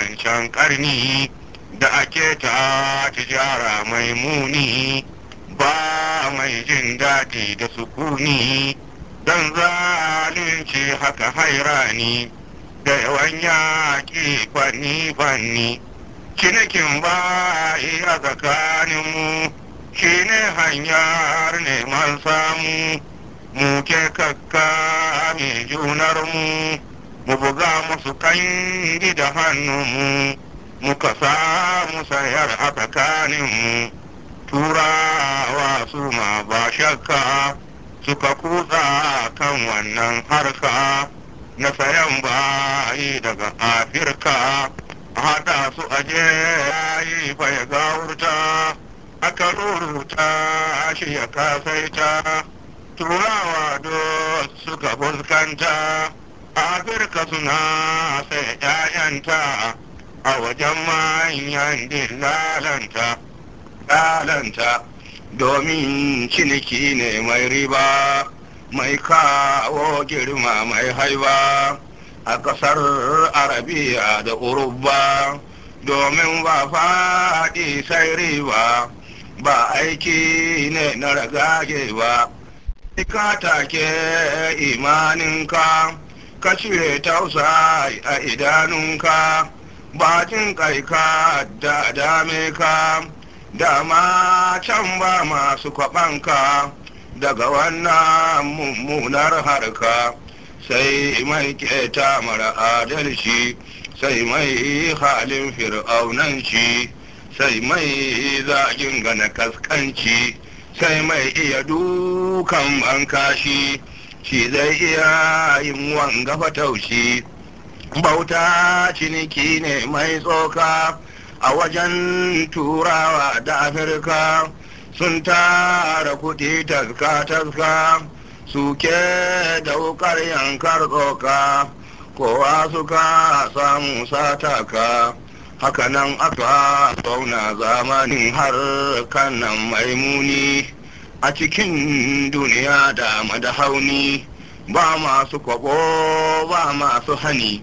wancan karni da ake ta tijara mai muni ba mai jin daɗi da sukuni don zalunci haka hairani da yawan yaƙi fanni-fanni cinikin ba iya tsakaninmu shi ne hanyar neman samu muke kakka mai junarmu mu buga musu kangi da hannunmu muka sa sayar a tsakaninmu turawa su ma ba shakka suka kutsa kan wannan harka na sayan bayi daga afirka hada su aje yayi fa ya gawurta aka ruruta shi ya kasaita turawa do suka fuskanta Afirka suna sai ‘ya'yanta a wajen manyan din lalanta, lalanta domin ciniki ne mai riba, mai kawo girma mai haiba a ƙasar Arabiya da Urubba domin ba faɗi sai riba, ba aiki ne na ragage ba, ka take imaninka. ka cire tausa a idanunka bakin ka da dame ka dama can ba masu kwaɓanka daga wannan mummunar harka sai mai keta mara adalci sai mai halin fir'aunan shi, sai mai zagin gana kaskanci sai mai iya dukan bankashi shi zai iya yin wanga taushi bauta ciniki ne mai tsoka a wajen turawa da afirka sun tara kuɗi taska-taska suke daukar yankar tsoka kowa suka samu sataka hakanan aka zauna zamanin har kanan maimuni a cikin duniya da madahauni ba masu kwabo ba masu hani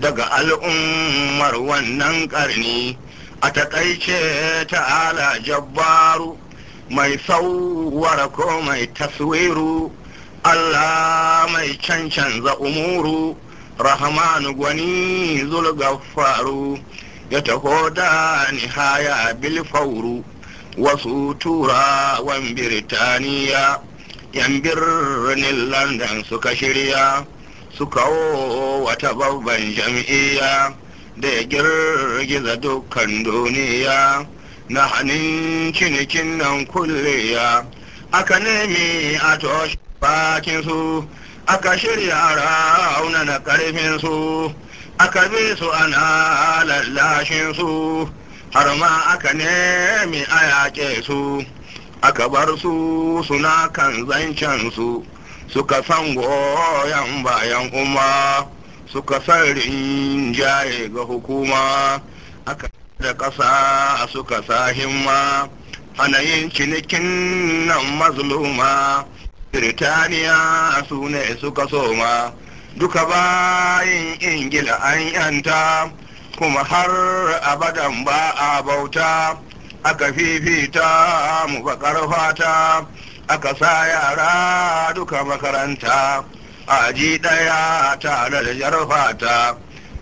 daga al'ummar wannan ƙarni a taƙaice ta jabbaru mai sauwar ko mai taswiru Allah mai cancanza umuru rahmanu gwani zulgafaru ya taho da nihaya bilfauru wasu turawan birtaniya yan birnin london suka shirya su kawo wata babban jam'iyya da ya girgiza dukkan duniya na hannun cinikin nan kulliya aka nemi a toshe bakinsu aka shirya a raunana karfinsu aka bi su ana lallashinsu har ma aka nemi a yaƙe su aka bar su suna kan zancen su suka san goyon bayan umma suka san rinjaye ga hukuma aka da ƙasa suka sa himma hana yin cinikin nan mazluma Birtaniya su ne suka soma duka bayin Ingila an yanta kuma har abadan ba a bauta aka fifita mu bakar fata aka sa yara duka makaranta a ji ɗaya tare da jarfata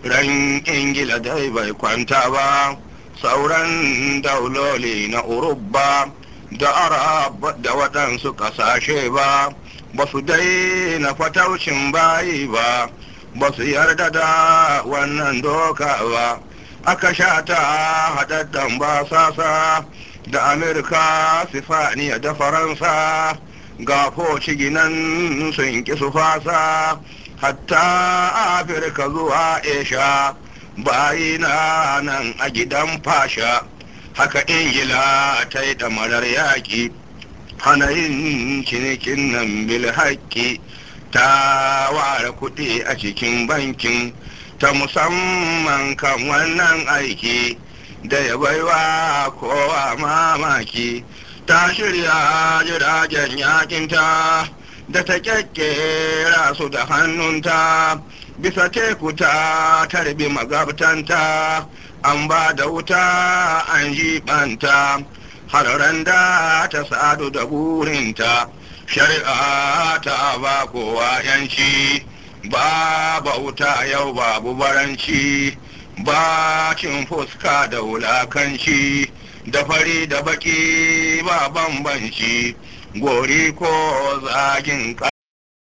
ran ingila dai bai kwanta ba sauran dauloli na urubba da arab da waɗansu ƙasashe ba ba su daina fataucin bayi ba ba su yarda da wannan doka ba aka sha ta haɗaɗɗen basasa da amurka sifaniya da faransa ga foci ginan sun ƙi su fasa hatta afirka zuwa esha bayina nan a gidan fasha haka ingila ta yi damarar yaƙi hana yin cinikin nan bil haƙƙi ta ware kuɗi a cikin bankin ta musamman kan wannan aiki da ya baiwa kowa mamaki ta shirya jiragen yakinta da ta kyakkera su da hannunta bisa teku ta tarbi magabtanta an ba da wuta an jiɓanta har randa ta sadu da burinta shari'a ta ba kowa yanci ba bauta yau babu baranci ba cin fuska da wulakanci da fari da baki ba bambanci gori ko zagin